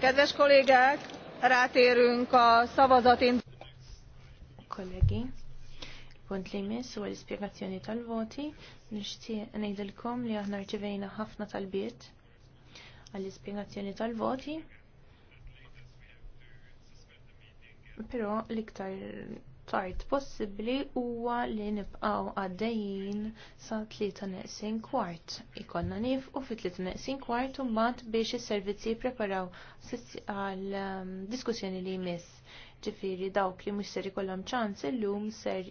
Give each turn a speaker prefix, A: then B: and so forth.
A: Kedves kollégák, rátérünk a szavazatin.
B: Kollégi, punt li mis u l-ispiegazzjoni tal-voti, nishtiq nejdilkom li aħna rċivejna ħafna talbiet għall-ispiegazzjoni tal-voti, Però l-iktar tard possibbli huwa li nibqgħu għaddejjin sa tlieta neqsin kwart. Ikollna nif u fit tlieta neqsin kwart u mbagħad biex is-servizzi jippreparaw għal ehm, diskussjoni li jmiss. Ġifieri dawk li mhux ser ikollhom ċans illum ser